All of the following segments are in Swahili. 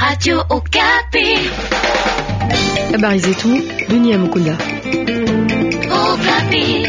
Radio Okapi. Habari eh zetu dunia Mukunda. Okapi.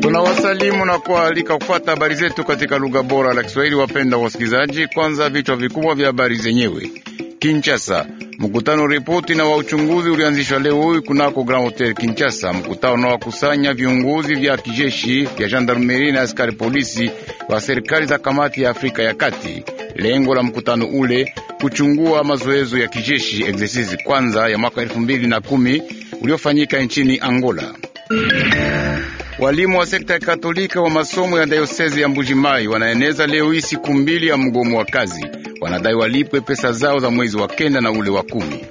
Tunawasalimu na kualika kufuata habari zetu katika lugha bora la Kiswahili. Wapenda wasikilizaji, kwanza vichwa vikubwa vya habari zenyewe. Kinshasa Mkutano ripoti na wa uchunguzi ulianzishwa leo huyu kunako Grand Hotel Kinshasa. Mkutano wakusanya viongozi vya kijeshi vya gendarmerie na askari polisi wa serikali za kamati ya Afrika ya Kati. Lengo la mkutano ule kuchungua mazoezo ya kijeshi exercise kwanza ya mwaka elfu mbili na kumi uliofanyika nchini Angola. Walimu wa sekta ya Katolika wa masomo ya dayosezi ya Mbujimai wanaeneza leo hii siku mbili ya mgomo wa kazi wanadai walipwe pesa zao za mwezi wa kenda na ule wa kumi.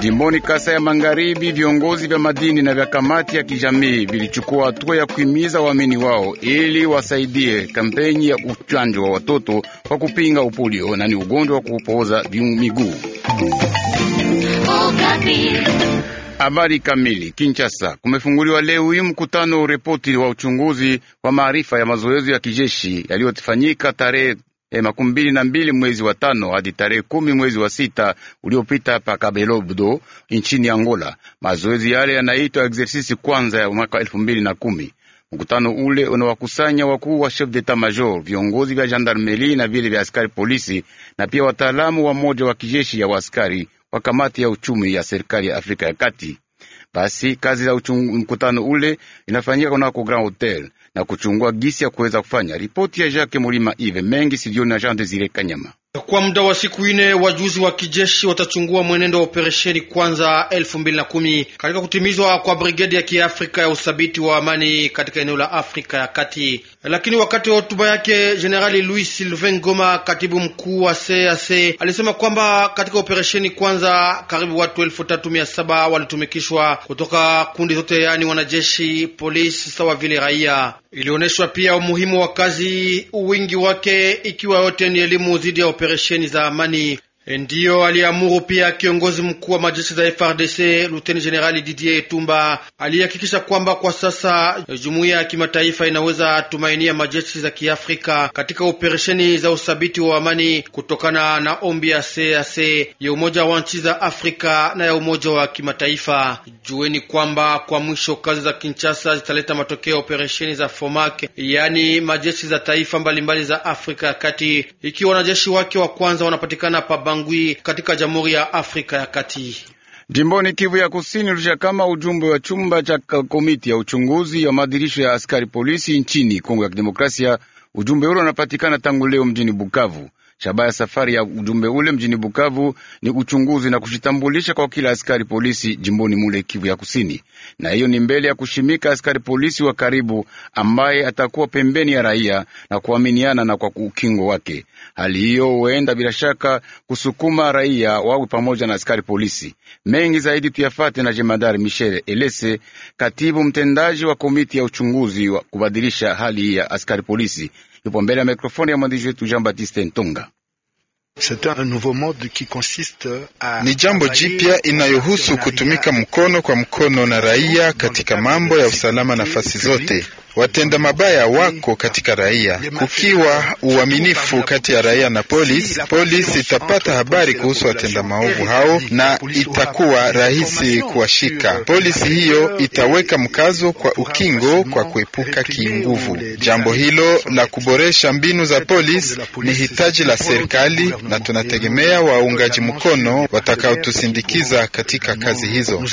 Jimboni Kasa ya Magharibi, viongozi vya madini na vya kamati ya kijamii vilichukua hatua ya kuhimiza waamini wao ili wasaidie kampeni ya uchanjo wa watoto kwa kupinga upolio, na ni ugonjwa wa kupooza miguu. Habari kamili. Kinshasa kumefunguliwa leo hii mkutano repoti wa uchunguzi wa maarifa ya mazoezi ya kijeshi yaliyofanyika tarehe E makumi mbili na mbili mwezi wa tano hadi tarehe kumi mwezi wa sita uliopita pa Kabelodo nchini Angola. Mazoezi yale yanaitwa exercisi kwanza ya mwaka elfu mbili na kumi. Mkutano ule unawakusanya wakuu wa chef d'etat major, viongozi vya gendarmeri na vile vya askari polisi, na pia wataalamu wa moja wa kijeshi ya waaskari wa kamati ya uchumi ya serikali ya Afrika ya Kati. Basi kazi za mkutano ule inafanyika kunako Grand Hotel na kuchungua gisi ya kuweza kufanya ripoti ya Jacques Mulima Ive mengi sidioni na Jean Desire Kanyama. Kwa muda wa siku ine wajuzi wa kijeshi watachungua mwenendo wa operesheni kwanza elfu mbili na kumi katika kutimizwa kwa brigedi ya kiafrika ya uthabiti wa amani katika eneo la Afrika ya Kati. Lakini wakati wa hotuba yake, Jenerali Louis Sylvain Goma, katibu mkuu wa CAC, alisema kwamba katika operesheni kwanza karibu watu elfu tatu mia saba walitumikishwa kutoka kundi zote, yaani wanajeshi, polisi sawa vile raia. Ilionyeshwa pia umuhimu wa kazi, wingi wake ikiwa yote ni elimu dhidi ya operesheni za amani. E, ndiyo aliamuru pia kiongozi mkuu wa majeshi za FRDC Luteni Generali Didier Etumba aliyehakikisha kwamba kwa sasa e, jumuiya ya kimataifa inaweza tumainia majeshi za Kiafrika katika operesheni za uthabiti wa amani kutokana na ombi ya CAC ya Umoja wa nchi za Afrika na ya Umoja wa kimataifa. Jueni kwamba kwa mwisho kazi za Kinshasa zitaleta matokeo ya operesheni za FOMAC, yaani majeshi za taifa mbalimbali mbali za Afrika ya kati, ikiwa wanajeshi wake wa kwanza wanapatikana pa Bangui katika Jamhuri ya Afrika ya Kati. Jimboni Kivu ya Kusini, ulisha kama ujumbe wa chumba cha komiti ya uchunguzi ya madirisho ya askari polisi nchini Kongo ya Kidemokrasia. Ujumbe ule unapatikana tangu leo mjini Bukavu. Shabaha ya safari ya ujumbe ule mjini Bukavu ni uchunguzi na kushitambulisha kwa kila askari polisi jimboni mule Kivu ya Kusini, na hiyo ni mbele ya kushimika askari polisi wa karibu ambaye atakuwa pembeni ya raia na kuaminiana na kwa ukingo wake. Hali hiyo huenda bila shaka kusukuma raia wawe pamoja na askari polisi. Mengi zaidi tuyafate na jemadari Michel Elese, katibu mtendaji wa komiti ya uchunguzi wa kubadilisha hali ya askari polisi. Yupo mbele ya mikrofoni ya mwandishi wetu Jean Batiste Ntonga. Ni jambo jipya inayohusu kutumika mkono kwa mkono na raia katika mambo ya usalama nafasi zote. Watenda mabaya wako katika raia. Kukiwa uaminifu kati ya raia na polisi, polisi itapata habari kuhusu watenda maovu hao na itakuwa rahisi kuwashika. Polisi hiyo itaweka mkazo kwa ukingo kwa kuepuka kiinguvu. Jambo hilo la kuboresha mbinu za polisi ni hitaji la serikali, na tunategemea waungaji mkono watakaotusindikiza katika kazi hizo.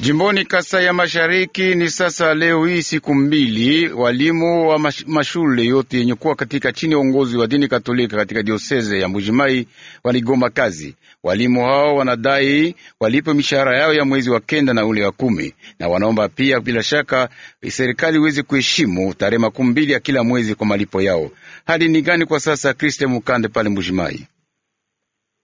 Jimboni kasa ya Mashariki ni sasa leo hii siku mbili, walimu wa mashule yote yenye kuwa katika chini ya uongozi wa dini Katolika katika dioseze ya Mbujimai waligoma kazi. Walimu hao wanadai walipe mishahara yao ya mwezi wa kenda na ule wa kumi, na wanaomba pia bila shaka serikali iweze kuheshimu tarehe makumi mbili ya kila mwezi kwa malipo yao. Hali ni gani kwa sasa? Kriste Mukande pale Mbujimai.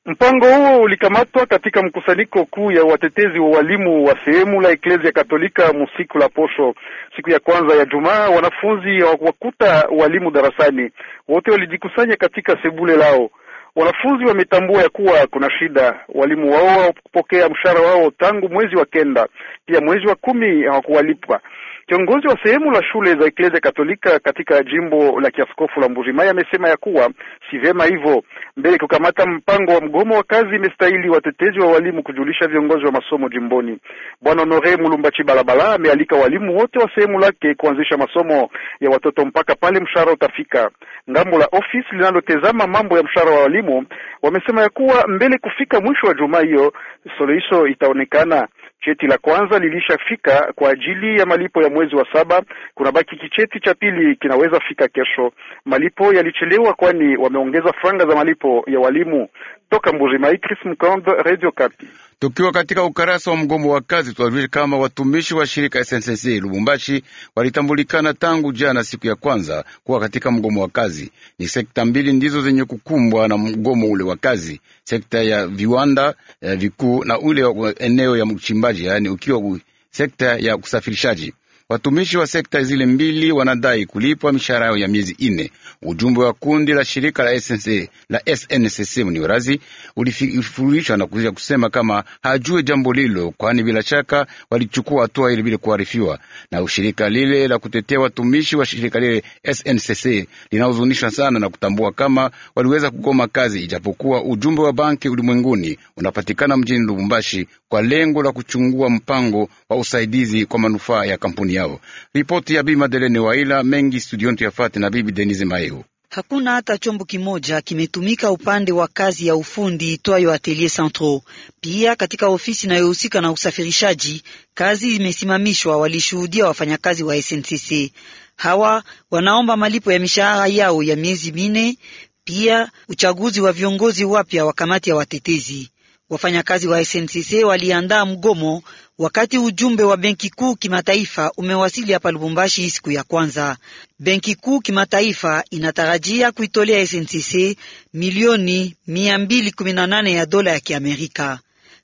Mpango huo ulikamatwa katika mkusanyiko kuu ya watetezi wa walimu wa sehemu la Eklezia Katolika musiku la posho, siku ya kwanza ya Jumaa. Wanafunzi hawakuwakuta walimu darasani, wote walijikusanya katika sebule lao. Wanafunzi wametambua ya kuwa kuna shida. Walimu wao hawakupokea mshahara wao tangu mwezi wa kenda, pia mwezi wa kumi hawakuwalipwa. Kiongozi wa sehemu la shule za Eklezia Katolika katika jimbo la kiaskofu la Mbujimayi amesema ya kuwa si vyema hivyo. Mbele kukamata mpango wa mgomo wa kazi, imestahili watetezi wa walimu kujulisha viongozi wa masomo jimboni. Bwana Honore Mulumbachi Balabala amealika walimu wote wa sehemu lake kuanzisha masomo ya watoto mpaka pale mshahara utafika. Ngambo la ofisi linalotezama mambo ya mshahara wa walimu wamesema ya kuwa mbele kufika mwisho wa juma hiyo suluhisho itaonekana. Cheti la kwanza lilishafika kwa ajili ya malipo ya mwezi wa saba, kuna baki kicheti cha pili kinaweza fika kesho. Malipo yalichelewa, kwani wameongeza franga za malipo ya walimu toka Mbujimayi, Chris Mkondo, Radio Kapi. Tukiwa katika ukarasa wa mgomo wa kazi, tuwajue kama watumishi wa shirika SNCC Lubumbashi walitambulikana tangu jana siku ya kwanza kuwa katika mgomo wa kazi. Ni sekta mbili ndizo zenye kukumbwa na mgomo ule wa kazi, sekta ya viwanda eh, vikuu na ule eneo ya mchimbaji, yaani ukiwa sekta ya usafirishaji. Watumishi wa sekta zile mbili wanadai kulipwa mishahara yao ya miezi ine. Ujumbe wa kundi la shirika la SNC, la SNCC mniurazi ulifurishwa na kuzia kusema kama hajue jambo lilo, kwani bila shaka walichukua hatua ile bila kuarifiwa. Na ushirika lile la kutetea watumishi wa shirika lile SNCC linaozunishwa sana na kutambua kama waliweza kugoma kazi, ijapokuwa ujumbe wa Banki Ulimwenguni unapatikana mjini Lubumbashi kwa lengo la kuchungua mpango wa usaidizi kwa manufaa ya kampuni yao. Ripoti ya Bima Delene Waila mengi studioni tuyafate na Bibi Denise Maeo. Hakuna hata chombo kimoja kimetumika upande wa kazi ya ufundi itwayo Atelier Centro. Pia katika ofisi inayohusika na usafirishaji, kazi imesimamishwa, walishuhudia wafanyakazi wa SNCC. Hawa wanaomba malipo ya mishahara yao ya miezi mine, pia uchaguzi wa viongozi wapya wa kamati ya watetezi. Wafanyakazi wa SNCC waliandaa mgomo Wakati ujumbe wa Benki Kuu Kimataifa umewasili hapa Lubumbashi siku ya kwanza, Benki Kuu Kimataifa inatarajia kuitolea SNCC milioni 218 ya dola ya Kiamerika.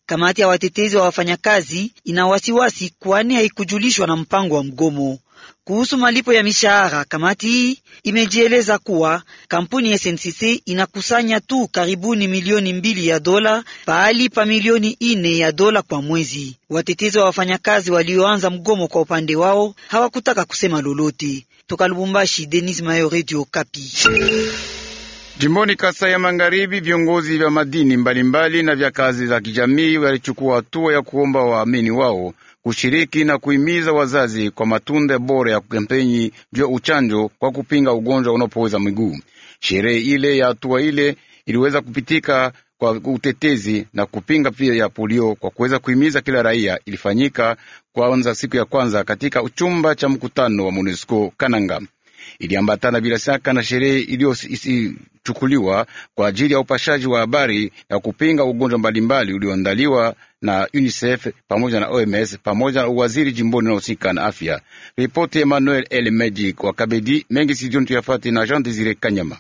Kamati ya watetezi wa wafanyakazi ina wasiwasi, kwani haikujulishwa na mpango wa mgomo. Kuhusu malipo ya mishahara, kamati hii imejieleza kuwa kampuni ya SNCC inakusanya tu karibuni milioni mbili ya dola pahali pa milioni ine ya dola kwa mwezi. Watetezi wa wafanyakazi walioanza mgomo kwa upande wao hawakutaka kusema lolote. Toka Lubumbashi, Denis Mayo, Radio Kapi. Jimboni Kasai ya Magharibi, viongozi vya madini mbalimbali mbali na vya kazi za kijamii walichukua hatua ya kuomba waamini wao kushiriki na kuhimiza wazazi kwa matunda bora ya kampeni juu ya uchanjo kwa kupinga ugonjwa unaopoweza miguu. Sherehe ile ya hatua ile iliweza kupitika kwa utetezi na kupinga pia ya polio kwa kuweza kuhimiza kila raia, ilifanyika kwanza siku ya kwanza katika chumba cha mkutano wa MONUSCO Kananga iliambatana bila shaka na sherehe iliyochukuliwa kwa ajili ya upashaji wa habari ya kupinga ugonjwa mbalimbali ulioandaliwa na UNICEF pamoja na OMS pamoja na uwaziri jimboni unaohusika na afya. Ripoti Emmanuel El Medi kwa Kabedi mengi sidioni tuyafati na Jean Desire Kanyama.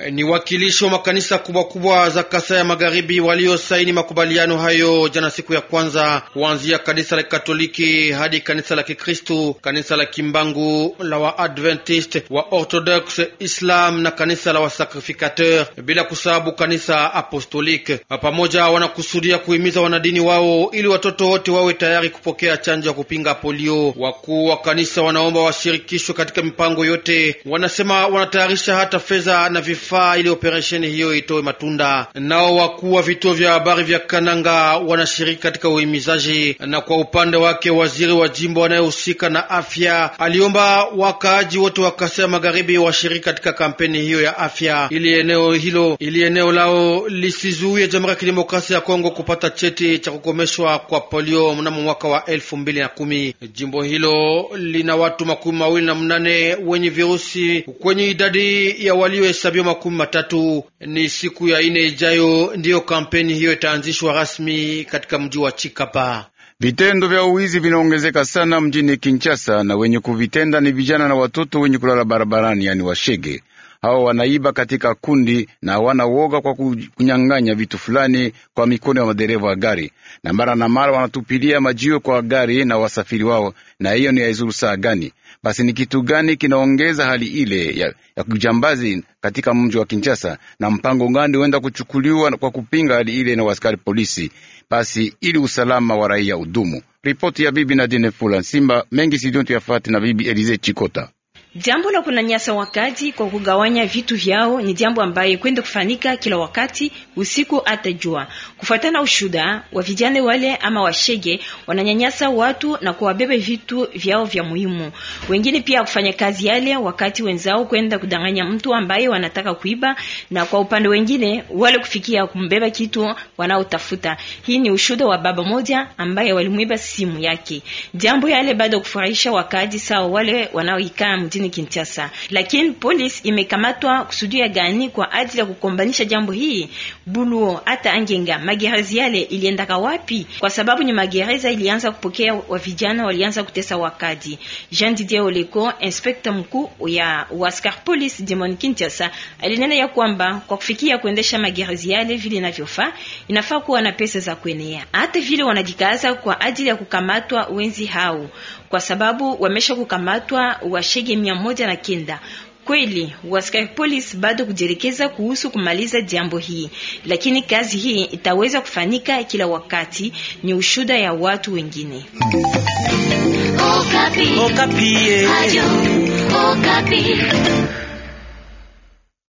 Eh, ni wakilishi wa makanisa kubwa kubwa za Kasai ya Magharibi waliosaini makubaliano hayo jana siku ya kwanza, kuanzia kanisa la Katoliki hadi kanisa la Kikristu, kanisa la Kimbangu, la Waadventist, wa Orthodox, Islam na kanisa la Wasakrifikateur, bila kusababu kanisa Apostolike. Pamoja wanakusudia kuhimiza wanadini wao ili watoto wote wawe tayari kupokea chanjo ya kupinga polio. Wakuu wa kanisa wanaomba washirikishwe katika mipango yote. Wanasema wanatayarisha hata fedha na vifaa taifa ili operesheni hiyo itoe matunda. Nao wakuu wa vituo vya habari vya Kananga wanashiriki katika uhimizaji, na kwa upande wake waziri wa jimbo anayehusika na afya aliomba wakaaji wote wa Kasea Magharibi washiriki katika kampeni hiyo ya afya ili eneo hilo ili eneo lao lisizuie Jamhuri ya Kidemokrasia ya Kongo kupata cheti cha kukomeshwa kwa polio mnamo mwaka wa elfu mbili na kumi. Jimbo hilo lina watu makumi mawili na mnane wenye virusi kwenye idadi ya waliohesabiwa makumi matatu. Ni siku ya ine ijayo ndiyo kampeni hiyo itaanzishwa rasmi katika mji wa Chikapa. Vitendo vya uwizi vinaongezeka sana mjini Kinshasa, na wenye kuvitenda ni vijana na watoto wenye kulala barabarani, yani washege. Hawa wanaiba katika kundi na hawana woga kwa kunyang'anya vitu fulani kwa mikono ya madereva wa gari, na mara na mara wanatupilia majiwe kwa gari na wasafiri wao, na hiyo ni haizuru saa gani? Basi ni kitu gani kinaongeza hali ile ya, ya kujambazi katika mji wa Kinshasa, na mpango gani huenda kuchukuliwa kwa kupinga hali ile na askari polisi, basi ili usalama wa raia udumu? Ripoti ya bibi Nadine Fula Simba mengi sidontu yafati na bibi Elize Chikota. Jambo la kunanyasa wakati kwa kugawanya vitu vyao ni jambo ambaye kwenda kufanika kila wakati, usiku hata jua. Kufuatana ushuda wa vijana wale ama washege wananyanyasa watu na kuwabeba vitu vyao vya muhimu. Wengine pia kufanya kazi yale wakati wenzao kwenda kudanganya mtu ambaye wanataka kuiba, na kwa upande wengine wale kufikia kumbeba kitu wanaotafuta. Hii ni ushuda wa baba moja ambaye walimuiba simu yake. Jambo yale bado kufurahisha wakati sawa wale wanaoikaa mjini mjini Kinshasa. Lakini polisi imekamatwa kusudi ya gani kwa ajili ya kukombanisha jambo hii? Buluo hata angenga magereza yale iliendaka wapi? Kwa sababu ni magereza ilianza kupokea wa vijana walianza kutesa wakadi. Jean Didier Oleko, inspekta mkuu ya Waskar Police Demon Kinshasa, alinena ya kwamba kwa kufikia kuendesha magereza yale vile inavyofaa, inafaa kuwa na pesa za kuenea. Hata vile wanajikaza kwa ajili ya kukamatwa wenzi hao, kwa sababu wamesha kukamatwa washege mia moja na kenda. Kweli waskari polisi bado kujielekeza kuhusu kumaliza jambo hii, lakini kazi hii itaweza kufanyika kila wakati, ni ushuda ya watu wengine. Okapi. Okapi. Eh. Okapi.